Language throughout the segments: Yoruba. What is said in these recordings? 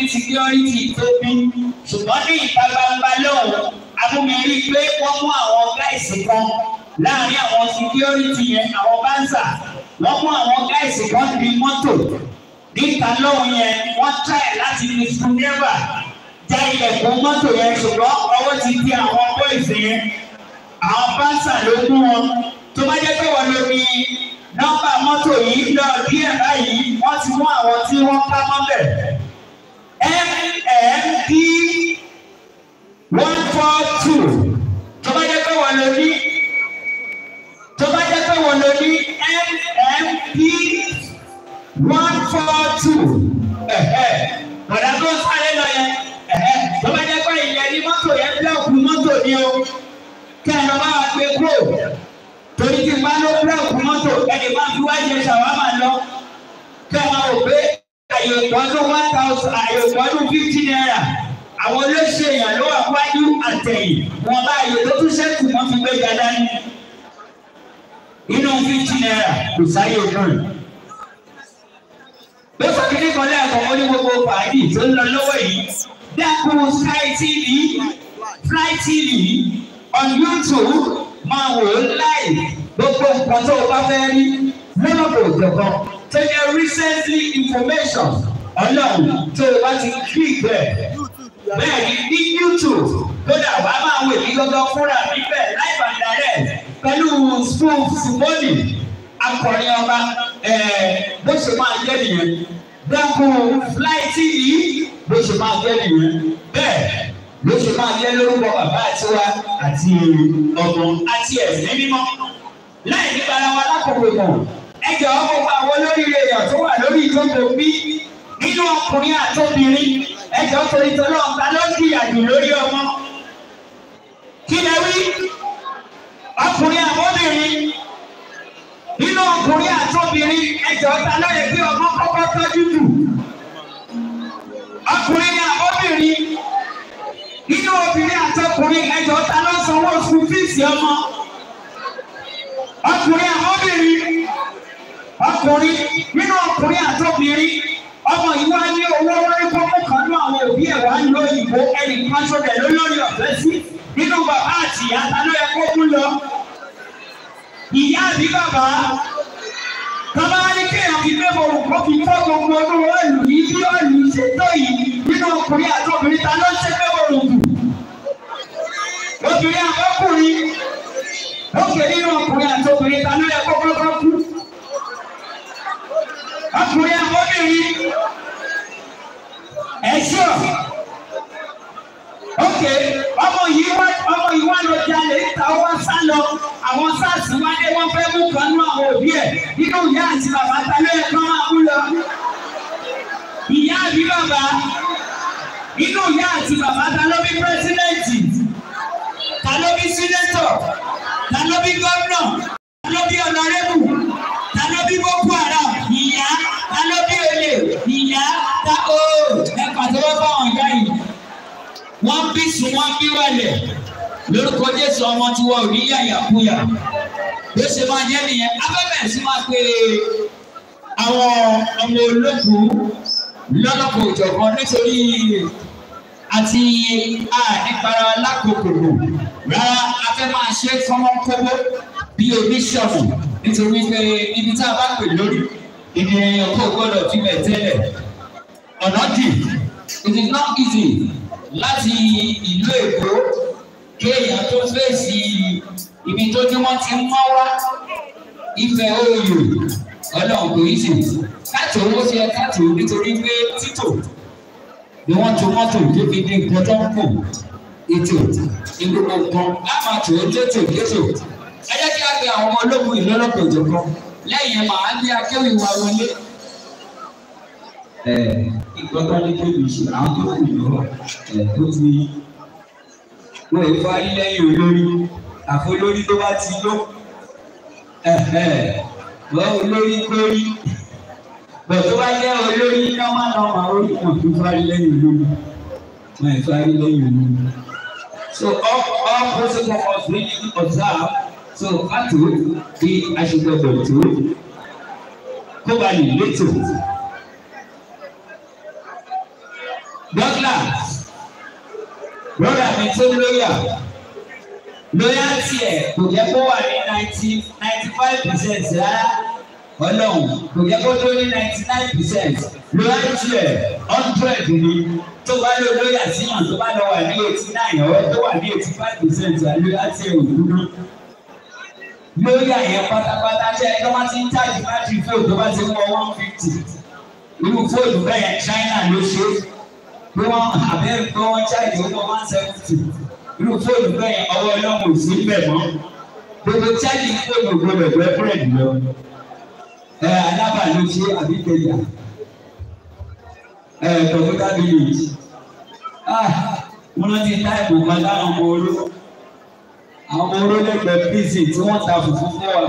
ní síkírọ́rìtì tóbi ṣùgbọ́n ní ìta gbangba lọ́hùn amúmiri pé wọ́n mú àwọn gáìsì kan láàrin àwọn síkírọ́rìtì yẹn àwọn báńsà wọ́n mú àwọn gáìsì kan ní mọ́tò níta lọ́hùn yẹn wọ́n tẹ̀ láti fi sùnẹ́bà já ilẹ̀kùn mọ́tò yẹn ṣùgbọ́n ọwọ́ ti di àwọn bóyìsì yẹn àwọn báńsà ló mú wọn tó bá jẹ́ pé wọ́n lómi nọ́mbà mọ́tò yìí lọ díẹ̀ báyìí wọ́n ti mú àwọn tí wọ́n ká mọ́bẹ̀ mmd one four two tó bá jẹ́ pé wọ́n lò ní tó bá pé wọ́n lò ní mmd one four two ọ̀dà tó ń sáré lọ yẹn tó bá jẹ́ pé ìyẹn ní mọ́tò yẹn bílọ̀kù mọ́tò ni o kẹ́hìn bá wa gbé kúrò torí tí n bá ló bílọ̀kù mọ́tò ẹ̀dẹ̀ bá fi wá jẹ lọ kẹ́hìn bá wò pé àyọ̀tọ́dún one thousand àyọ̀tọ́dún fifty naira àwọn olóṣù èèyàn ló wà wájú àtẹ̀yìn wọn bá ayò tó tún ṣẹ́kù wọn fi gbé gada ní. inú fifty naira kò sáyé náà. ló sọ kí ní kan lẹ́ẹ̀kan ó ní gbogbo fàájì tó ń lọ lọ́wọ́ yìí dákun Sky TV Fly TV on YouTube máa wò ó láì gbogbo nǹkan tó o bá fẹ́ rí lọ́nà kò jọ̀kan ṣe yẹ recently information ọlọ́run tó o bá ti click bẹ́ẹ̀ bẹ́ẹ̀ ni ní YouTube kódà wà á máa wè ní gbọ́dọ̀ fúnra mi bẹ́ẹ̀ live and direct pẹ̀lú school simoni akọrin ọba bó ṣe máa jẹ́ nìyẹn blanco flight yìí bó ṣe máa jẹ́ nìyẹn bẹ́ẹ̀ ló ṣe máa jẹ́ lórúkọ bàbá àtiwá àti ọmọ àti ẹ̀sìn mímọ́ láì ní bára wa lákòókò mọ̀ ẹ jọ̀ọ́ gbogbo àwọn olóríire èèyàn tó wà lórí ìjókòó bí nínú ọkùnrin àtòbìnrin ẹ jọ̀ọ́ torí tọ́lọ́ ta ló ń jìyàjù lórí ọmọ. kí lẹ wí ọkùnrin àbóbìnrin nínú ọkùnrin àtòbìnrin ẹ jọ̀ọ́ ta ló yẹ kí ọmọ kọ́kọ́ tọ́jú jù. ọkùnrin ni àbóbìnrin nínú obìnrin àtọkùnrin ẹ jọ̀ọ́ ta ló sanwó sùn fíìsì ọmọ. nínú ọkùnrin àtọ́bìnrin ọmọ ìwà ní owó lórí pọ́pọ́ kan ní àwọn òbí ẹ̀ wá ló ìbò ẹnì kan tó bẹ̀ ló lórí ọ̀fẹ́ sí nínú bàbá àti ìyá ta ló yẹ kó kú lọ. ìyá àbí bàbá bàbá ní kéèyàn fi gbé bọ̀rù kó fi tọ́ gbogbo ọdún ọ̀lù yìí bí ọ̀lù ṣe tó yìí nínú ọkùnrin àtọ́bìnrin ta ló ṣe gbé bọ̀rù kù. obìnrin àbọ́kùnrin ó kè nínú ọkùnrin àtọ́bìnrin ta ló yẹ kó kú ọkùnrin àwọn obìnrin ẹ ṣọ ok ọmọ yìí wá ọmọ yìí wá lọ jalè níta ó wá sá lọ àwọn sars wá dé wọn fẹ́ mú kan nú àwọn òbí ẹ nínú ìyá àti bàbá ta ló yẹ kó máa mú lọ ìyá àbí bàbá nínú ìyá àti bàbá ta ló bí pírẹsidẹ́ǹtì ta ló bí sínétọ̀ ta ló bí gómìnà ta ló bí ọ̀nàrẹ́bù. ìyá tá ó ẹ̀ka tó wá bá wọn yá yìí. Wọ́n bí sùn wọ́n bí wẹ̀lẹ̀ lórúkọ Jésù ọmọ tí wọ́n ò ní yàyàkúyà. Bí ó ṣe máa jẹ́ nìyẹn, abẹ́bẹ̀ sí máa pe àwọn ọmọ olókùú lọ́lọ́kọ̀ òjọ̀kan nítorí àti àìpara lákòókòrò rárá a fẹ́ máa ṣe kọ́mọ́kọ́mọ́ bí oníṣọ̀fù nítorí pé ibi tá a bá pè lórí ìdí ẹ̀yàn kò gbọ́dọ̀ fi bẹ̀ tẹ́lẹ̀ ọ̀nà dì it is not easy láti ìlú èkó kéèyàn tó fèsì ibi tó ní wọ́n ti mọ́ wá ìfẹ́ òòyò ọlọ́run kò yìí sì káàtì owó ṣe káàtì owó nítorí pé títò ni wọ́n to mọ́tò tó fi dín nǹkan tó ń kù ètò ní nǹkan láàmà tó ń tètò létò ẹ jẹ́ kí a gbé àwọn ọmọ ológun ìlọ́lọ́pọ̀ ìjọ̀kan lẹ́yìn màá ní akéwì wa wọlé ìgbọ́tọ́lékè lóṣù àwọn tó wù lọ́wọ́ ẹ̀ tó ti wọ́n ẹ̀ fa ilẹ̀yìn olórí àfọlórí tó bá ti lọ wọ́n olórí lórí bẹ̀tọ́ bá jẹ́ olórí náà má lọ mà ó yàn tó fa ilẹ̀yìn olórí wọ́n ẹ̀ fa ilẹ̀yìn olórí. So all, all principles must be observed. So that would be I should go Kó ba lè létò. bọ́dà brother, mi tó lóyà lóyà tiẹ̀ kò jẹ́ kó wà ní ninety ninety five percent rárá ọlọ́run kò jẹ́ kó tó ní ninety nine percent lóyà tiẹ̀ hundred ni tó bá lọ lóyà síyàn tó bá lọ wà ní eighty nine ọ̀rọ̀ tó wà ní eighty five percent lóyà tiẹ̀ òwúrọ̀ lórí àyẹ̀ pátápátá ṣe ẹni tó bá ti ń tàbí bá ti fóònù tó bá ti ń wọ one fifty irú fóònù bẹ́ẹ̀ China ló ṣe é pé wọ́n àbẹ́rẹ́ pé wọ́n ṣáàjì owó one seventy irú fóònù bẹ́ẹ̀ ọwọ́ ọlọ́run sí bẹ̀ mọ́ gbogbo ṣáàjì fóònù gbọdọ̀ gbẹ búrẹ́dì lọ ẹ alábà ló ṣe àbíkẹyà ẹ kọ̀m̀pútà village ah wọ́n lọ ti táìpù kan ọmọ oró àwọn orólẹ́gbẹ̀ẹ́ pc tí wọ́n ta fùfú fún wa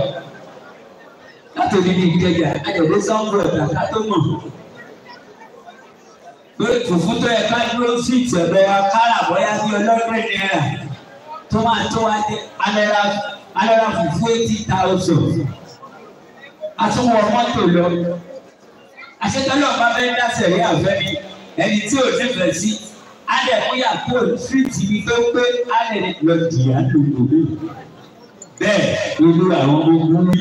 látòdì ní ìkẹyà ayọ̀dẹ́sán bùrọ̀dà ká tó mọ̀ lórí fùfú tó yẹ ká dúró sí ìtẹ̀bẹ̀ wa kárà bóyá bí ọlọ́gbìn náírà tó máa tó wá dé alẹ́ra alẹ́ra fùfú eighty thousand atúwọ̀ mọ́tò lọ àṣetọ́lọ́ bá fẹ́ dá sẹ̀rí àfẹ́mi ẹni tí ò nífẹ̀ẹ́ sí adẹ̀kúyà tó fìtì mi tó pé alẹ́ lọ dìyà lòlò mi bẹ́ẹ̀ lójú àwọn ogun mi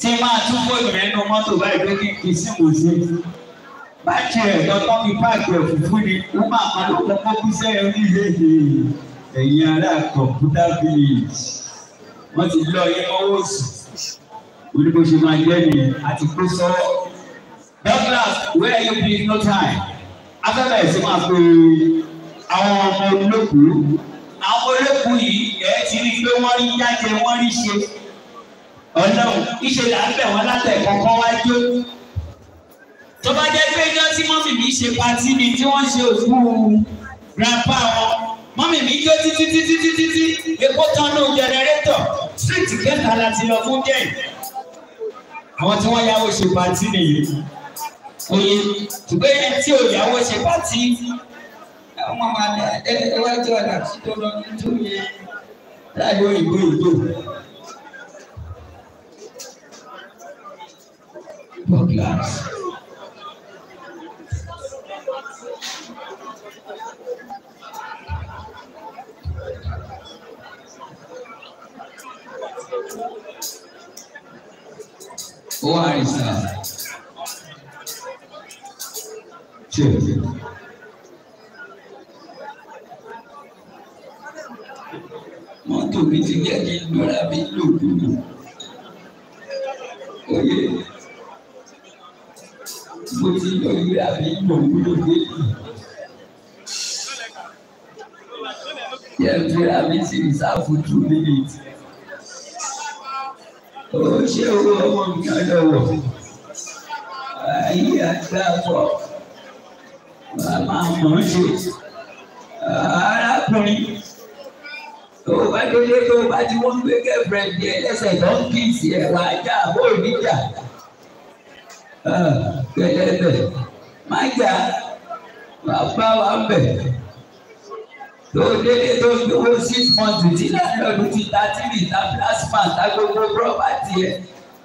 tí máa tún fóònù rẹ̀ nínú mọ́tò báyìí pé kí n kì í sí mò ń páàkì ẹ̀ lọ́tọ́ fi páàkì ẹ̀ fùfú ni ó máa ma ló kọ́kọ́ kú sẹ́yìn ní ìhèhè ẹ̀yin ará kọ̀ǹpútà village wọ́n ti lọ yẹ ọwọ́ sùn oníbóṣe máa yẹ ni àti kó sọ. douglas where you be no time afẹ́fẹ́ ẹ̀sìn máa pe àwọn ọmọ olókùú àwọn olókùú yìí ẹ̀ ti rí i pé wọ́n rí jáde wọ́n rí ṣe ọ̀nà ìṣẹ̀lẹ̀ àgbẹ̀ wọn látẹ̀ kọ̀ọ̀kan wájú tó bá jẹ́ pé ijọ́ tí mọ́mì mi ṣe patí ni tí wọ́n ṣe òkú grandpa wọn mọ́mì mi jó títí títí títí tí epo tánú jẹnẹrétọ̀ street kẹta láti lọ fún jẹ́yìn àwọn tí wọ́n yáwó ṣe patí nìyí oye ṣùgbọ́n ẹni tí ò yáwó ṣe patí àwọn ọmọ ẹ ẹ wájú ọ̀dà tó lọ nítorí ẹ láì ó ìgbó ìgbó. Bọ́ọ̀gì àrà. ó wà àìsàn ṣe. mọ́tò mi ti jẹ́ kí n lọ́ra mi lòdùnú. Oye mo ti lọ ìwé àbí lòdùnú délé. Yẹ fẹ́ àbí ti rìsáàfù two minutes ó ṣe owó ọmọ mi àyẹ̀wò ayé àdáàbọ̀ màmá mọ̀ ṣe arákùnrin tó bá délé tó bá ti wọ́n gbé gẹ́fẹ̀rẹ̀dì ẹlẹ́sẹ̀ tó ń kì í sí ẹ̀wà ajá àbó ìdíjà ah, gẹ́gẹ́ bẹ̀ má jà bàbá wa bẹ̀ òdèlè tó gbowó six months tí láàrin ọdún ti ta tìrì ta plasma ta gbogbo property ẹ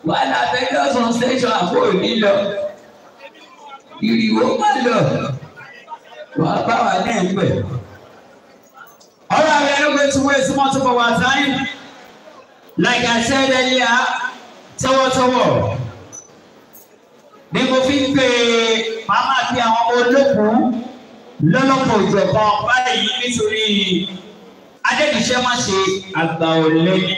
wà lábẹ́ lọ́sàn station àpò òní lọ ìrìwò má lọ wàá bá wà ní ẹgbẹ́. All right, we're going to waste much of our time. Like I said earlier, tọwọ́tọwọ́ ni mo fi ń pè é lọ́lọ́pọ̀ ìjọ̀kan báyìí nítorí adébíṣẹ́ má ṣe àgbà ọ̀lẹ́ni.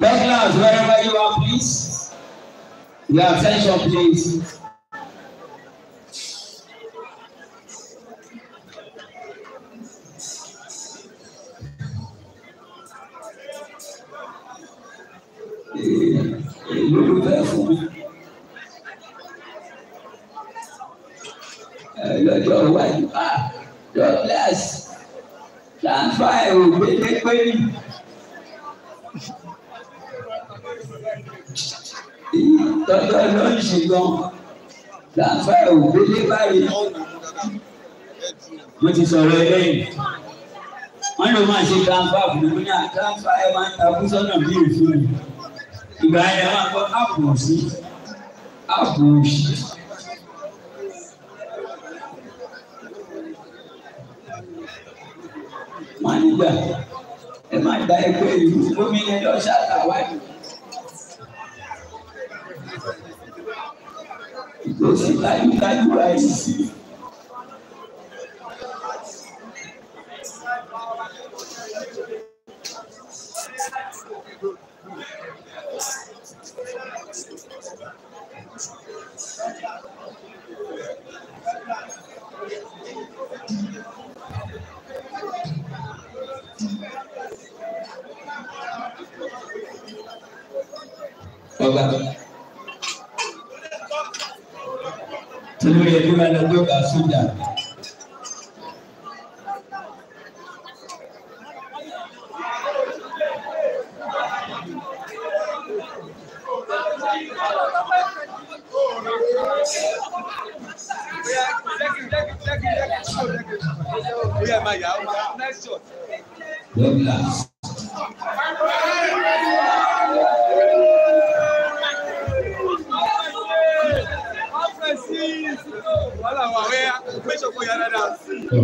Backlash wherever you are please. Your attention please. wájú ah God bless transfer ẹ̀ ò gbẹdẹgbẹ ni. tọ́jọ́ ló ń ṣe gan transfer ẹ̀ ò gbẹdẹgbẹ ni. mo ti sọ̀rọ̀ eléyìí wọ́n ló máa ṣe transfer fún mi náà transfer ẹ̀ máa ń takú sọ́nà bí òfin ìgbà yẹn wọ́n á gbọ́ àpò sí àpò òṣì. gbà ẹ má da ẹgbẹ́ ìlú omi yẹn lọ ṣàtàwádì. Ìgbésí láyé láyé wáyé sí i.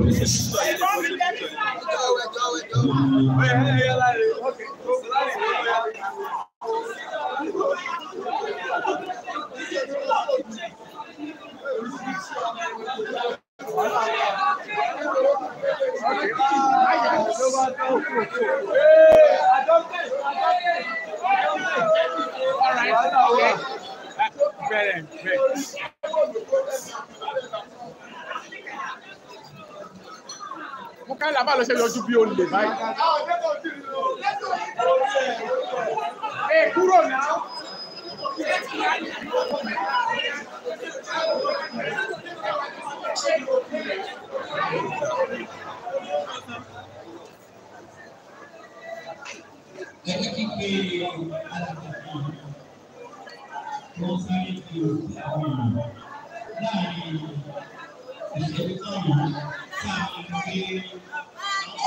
isso ṣe yọjú bí olè báyìí. ẹ kúrò náà. Ẹni kíkẹ́ alàkàtà tó sáré kí o sí àwọn ènìyàn láàrin ìṣẹ́jú kan sáà ń gbé.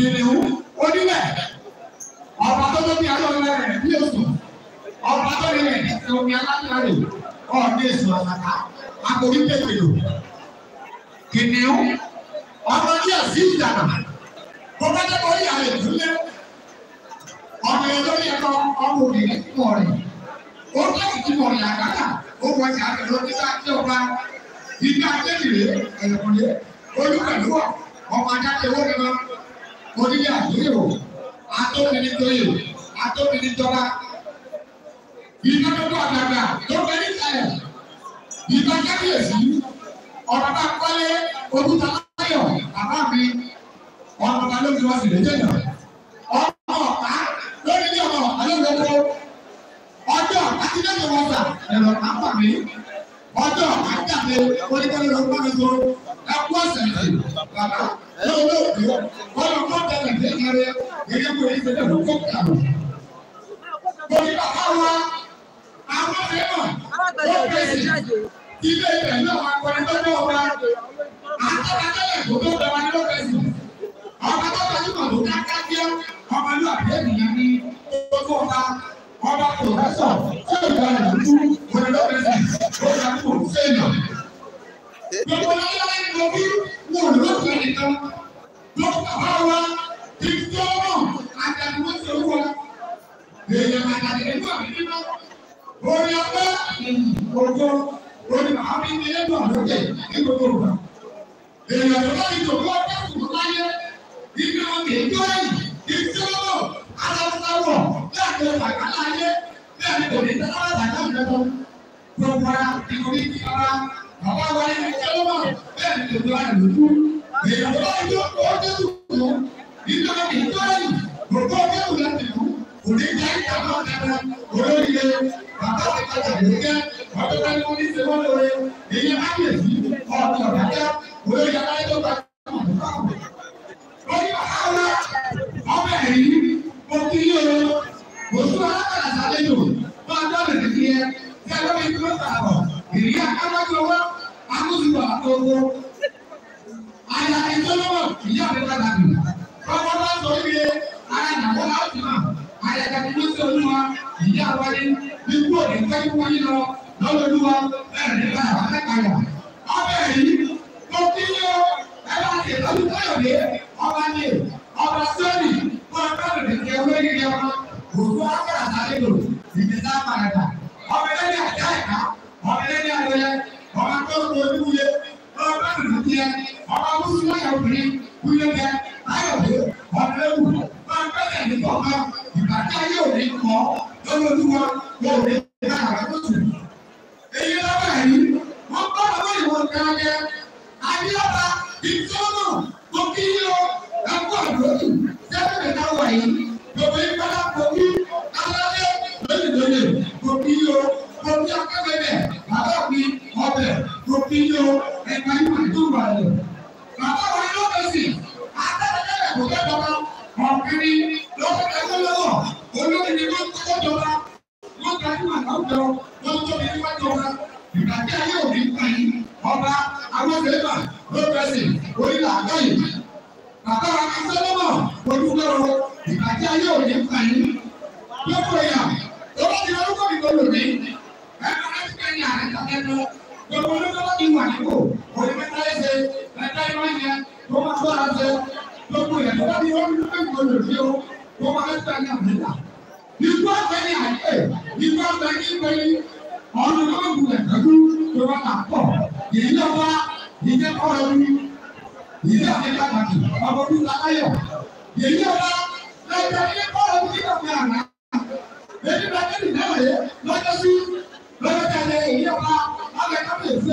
kìnìún onílẹ̀ ọba tó tó bí alọ́ọ̀lẹ́ rẹ̀ bí oṣù ọba tó rí rẹ̀ ẹsẹ̀ omi alágbèrè ọ̀ọ́dẹ èso ọ̀sàkà akọ̀wé pépèlò kìnìún ọmọ díẹ̀ sí ìjànà kó bá dé kó yàrá ìdílé ọmọ yẹn lórí ẹ̀kọ́ ọmọ òbí rẹ̀ kúmọ̀ rẹ̀ ó bá ìtumọ̀ rẹ̀ àgbàdà ó wọ ìyá rẹ̀ lórí bá tí ọba ìgbà àgbẹ̀rẹ̀ ẹ̀yọ̀kùnrin olúkẹ̀lúwọ̀ ọmọ adájẹ́wọ́ ni wọn oníyà lérò atọ́nìníjọyè atọ́nìníjọba ìdádọ́dọ́ àgbàgbà tó bẹ ní ìlẹ̀ ìgbà kábíyèsí ọ̀rọ̀ bá kọ́lé ojúta láyọ̀ bàbá mi ọ̀rọ̀ bá lóbi wá sí lẹ́jẹ̀dà ọ̀rọ̀ ọ̀pá lórí ní ọ̀rọ̀ àlọ́ ìlọ́kọ́ ọjọ́ àti lẹ́yìn wọn sà ẹ̀rọ àpà mi ọjọ́ àjáde oníkẹ́lẹ́ ló gbọ́dọ̀ tó ẹkú ọ̀sẹ̀ yìí bàbá yóò ló bí wọn kọ́ tẹ̀lé ní ìyàrá gẹ́gẹ́ bó yìí tẹ̀lé fún kókò àbò. Bòlí bàbá wa àwọn ẹ̀rọ ó pèsè ilé ìbẹ̀ náà wà pẹ̀lú lọ́jọ́ wa àtẹ̀lẹ́tẹ̀lẹ̀ kò tó bẹ̀ wá ní lọ́jọ́ ìsìn. Ọ̀gá tó tọ́jú mọ̀ tó ká ká ọba pòfẹ́sọ̀ tí ó gba ìlú olùdókòtì ó ga kó sẹ́yìn. Gbogbo láyé ló bí wọn ò lóṣù nìkan. Dókítà bá wa ti fi ọmọ àdàgbò tó wọ. Èèyàn àdàgbò tó wà nínú. Orí ọgbẹ́ ògo orí màá fi ní ẹgbẹ́ àlọ́jẹ ní gbogbo ìgbà. Èèyàn tó bá ìjọba ọjọ́ ìgbà láyé. Ibi wọn kì í gbọ́ ẹ̀yìn kì í sọ́ọ́ alábùkáwọ̀ bẹ́ẹ̀ ni bàkálà ayé bẹ́ẹ̀ ni kò ní tẹ́lá bàtà mẹ́tọ́ gbogbo ara ìkòrí ti ara àwọn awàlẹ̀ ní kẹlọ́mà bẹ́ẹ̀ ni gbogbo ara lòdù èèyàn bá ń yọ ọ́ jésù kù nítorí ìtọ́jú gbogbo ọjọ́ láti lù kò ní jẹ́ ìjàmbá kẹrẹ olóríire bàbá ti kọjá ìlú jẹ́ ọjọ́ bá ní wọ́n ní sẹ́wọ́n lóore èyí Eu vim para comigo.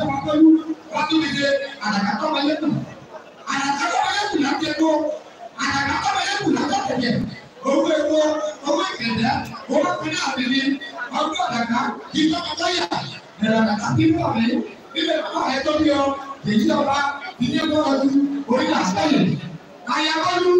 wọn pẹ̀lú wọn tún ti ṣe àdàkà tọ́ba lẹ́kùn àdàkà tọ́ba lẹ́kùn là ń jẹ tó àdàkà tọ́ba lẹ́kùn là ń tọ̀tọ̀ jẹ owó epo owó ìkẹ̀dẹ́ owó pinnu àbẹ̀lẹ̀ ọdún àdàkà ìjọba lọ́yà bẹ̀rẹ̀ àdàkà kí wọ́n rẹ̀ níbẹ̀ bá ẹ̀ tó bí ọ èyí ọba ìdí ẹ̀kọ́ ọdún orí làásìlẹ̀ àyàkọ́dún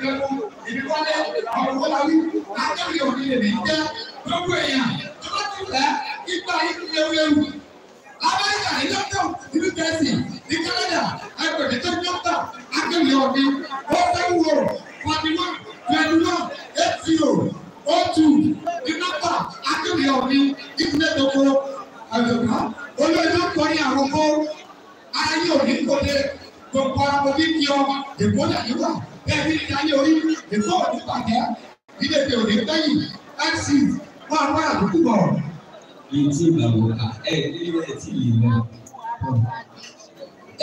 ìgbẹ́kùn ìdíkọ́lẹ̀ ọ̀rọ̀ owó la wí látàrí òní lè ní jẹ́ gbogbo èèyàn tó bá ti lẹ́ ipa ìléwéwu. Amẹ́ríkà ní lọ́tọ̀ ìlú Gẹ̀ẹ́sì ní Kánádà agbègbè tó ń lọ́tà akéwì ọ̀dí ó fẹ́ wò forty one twenty one eight zero o two ní nọ́tà akéwì ọ̀dí ìpínlẹ̀ Èkó àgbègbè olóyún kọrin àròkọ ayé òní kò dé gbogbo àwọn oníkìọ́ èkó nàìjíríà bẹ́ẹ̀ni ní ayé orí èkó òní bàjẹ́ ilé ìpè òní lẹ́yìn fc wọn àwọn àdúgbò bọ̀. èyí tí ìgbàgbọ́ ká ẹ nílé ẹ tí ìlú mọ́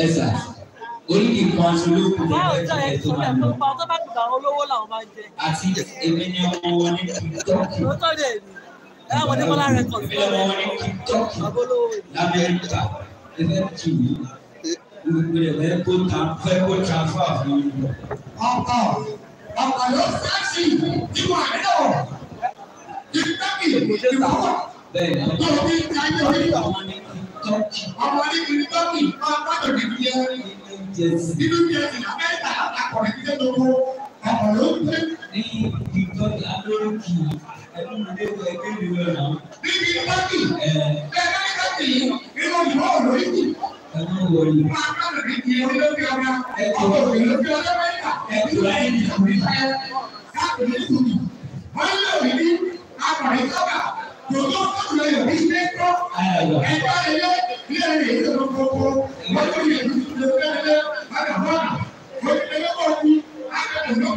ẹ sà oríkì kan aṣọ ló kù ní ẹgbẹ́ ẹ tó máa lọ. àti èmi ni ọmọ wọn ní tọ́kì. ẹ̀wọ̀n ní bọ́lá rẹ̀ kọ̀ sí ọ̀rẹ́ ọ̀bọ̀lówó. lábẹ́ ẹ̀ka ẹ̀fẹ́ kì olùgbèlè fẹ́ kó ta fẹ́ kó ta fún àfihàn. ọkọ ọkọ ló fẹ́ẹ̀sì ìwà rẹ̀ o ìtẹ́kì ìwọ́wọ́ tó ní ayé orí ọmọ ní kiri tọ́kì ọmọ tó ní kiri yẹn nínú yẹn ti nà mẹ́ta àkọ̀rẹ́ ti dé lóko ọkọ ló fẹ́. ní ìtọ́jú alóòkì ẹnu mi lé wọ ẹgbẹ́ mi lọ náà. níbi tọ́kì ẹgbẹ́ mi tọ́kì yìí wọlé. Akálò ní ti ẹni ló bí ọba, ẹ̀kọ́ òfin ló bí ọjọ́ mẹ́ta, ẹ̀dí lẹ́yìn ìjàmbá ìfẹ́. Káàpì ní sùnì, wọ́n lé òní ní akọ̀rẹ́ sọ́bà, tòótọ́ sọ́kùnrin ẹ̀yọ̀ bí ilé tó. Ẹ̀gbọ́n ilé ní ẹ̀rí èyí tó gbogbo, wọ́n tó yẹ kí ìlú tó fẹ́ lé, wọ́n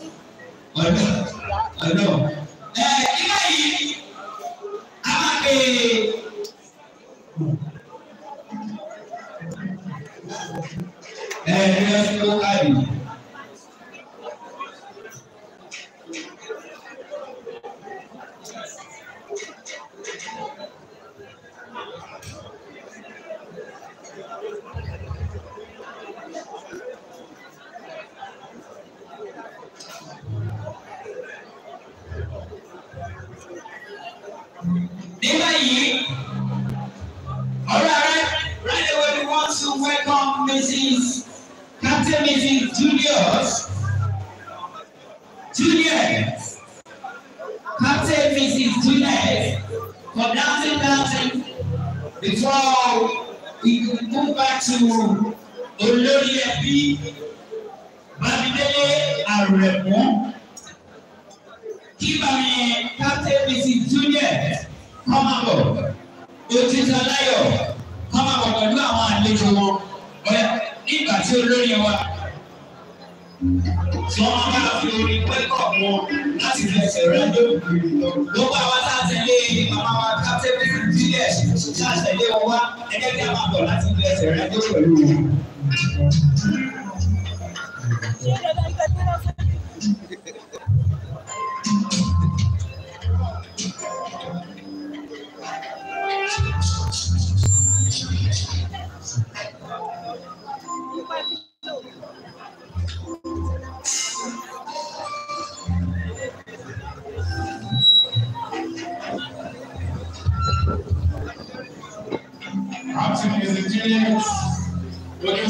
ọ̀dọ̀ ọ̀dọ̀ ẹ̀ nígbà yìí a máa pè é. Eh, ẹ ẹ́ ní ọ́sùn tó Mrs. Captain Mrs. Julius, Julius, Captain Mrs. Julius, for dancing, dancing before we could move back to Olórí ẹbí Bámidélé Àrẹ̀mú. Give me Captain Mrs. Julius Come on, òtítọ́ láyọ̀ kọ́mọ̀ bọ̀ pẹ̀lú àwọn àlejò ọ̀yà nígbà tí olórí wa tí wọ́n bá fi orin pẹ́kọ̀ wọn láti fẹsẹ̀ rẹ̀ lóògùn ló bá wa látẹ̀lé màmá wa kápẹ́tì díẹ̀ látẹ̀lé wọn wá tí a máa bọ̀ láti fẹsẹ̀ rẹ̀ lóògùn pẹ̀lú wọn. Thank you.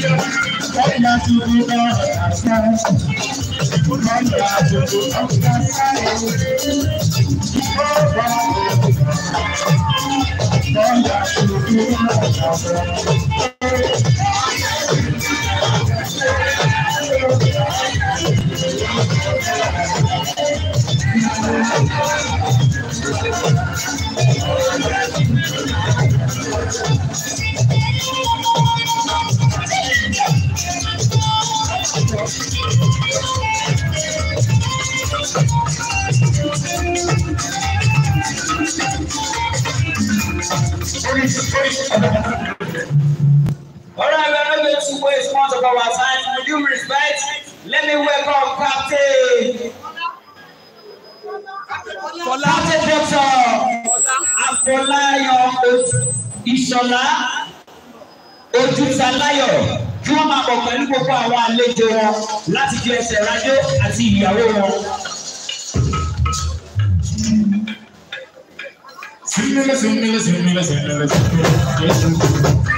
Kọ́lá tó ń bọ̀ àṣà. Kọ́lá tó ń bọ̀ àṣà. Kọ́lá tó ń due respect, let me welcome Captain. Captain Doctor Afolayo Ishola Ojútaláyọ̀ kí wọ́n máa bọ̀ pẹ̀lú gbogbo àwọn àlejò wọn láti ju ẹsẹ̀ rájò àti ìyàwó wọn. Símílẹ̀ símílẹ̀ símílẹ̀ símílẹ̀ símílẹ̀.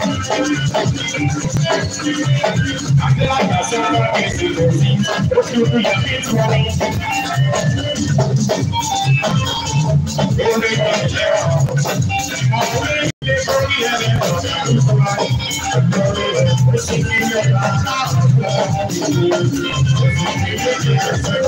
I feel like I in What you do, Don't care. they am not not not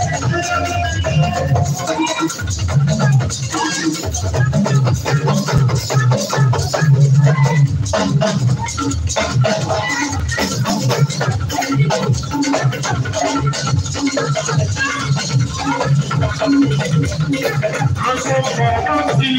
I'm so proud of you.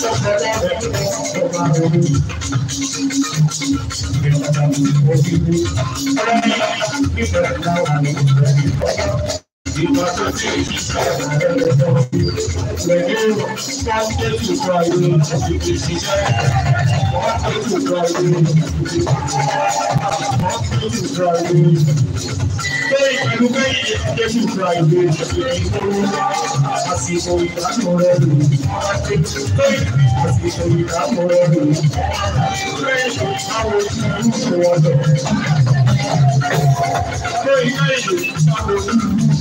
Thank you to Thank you.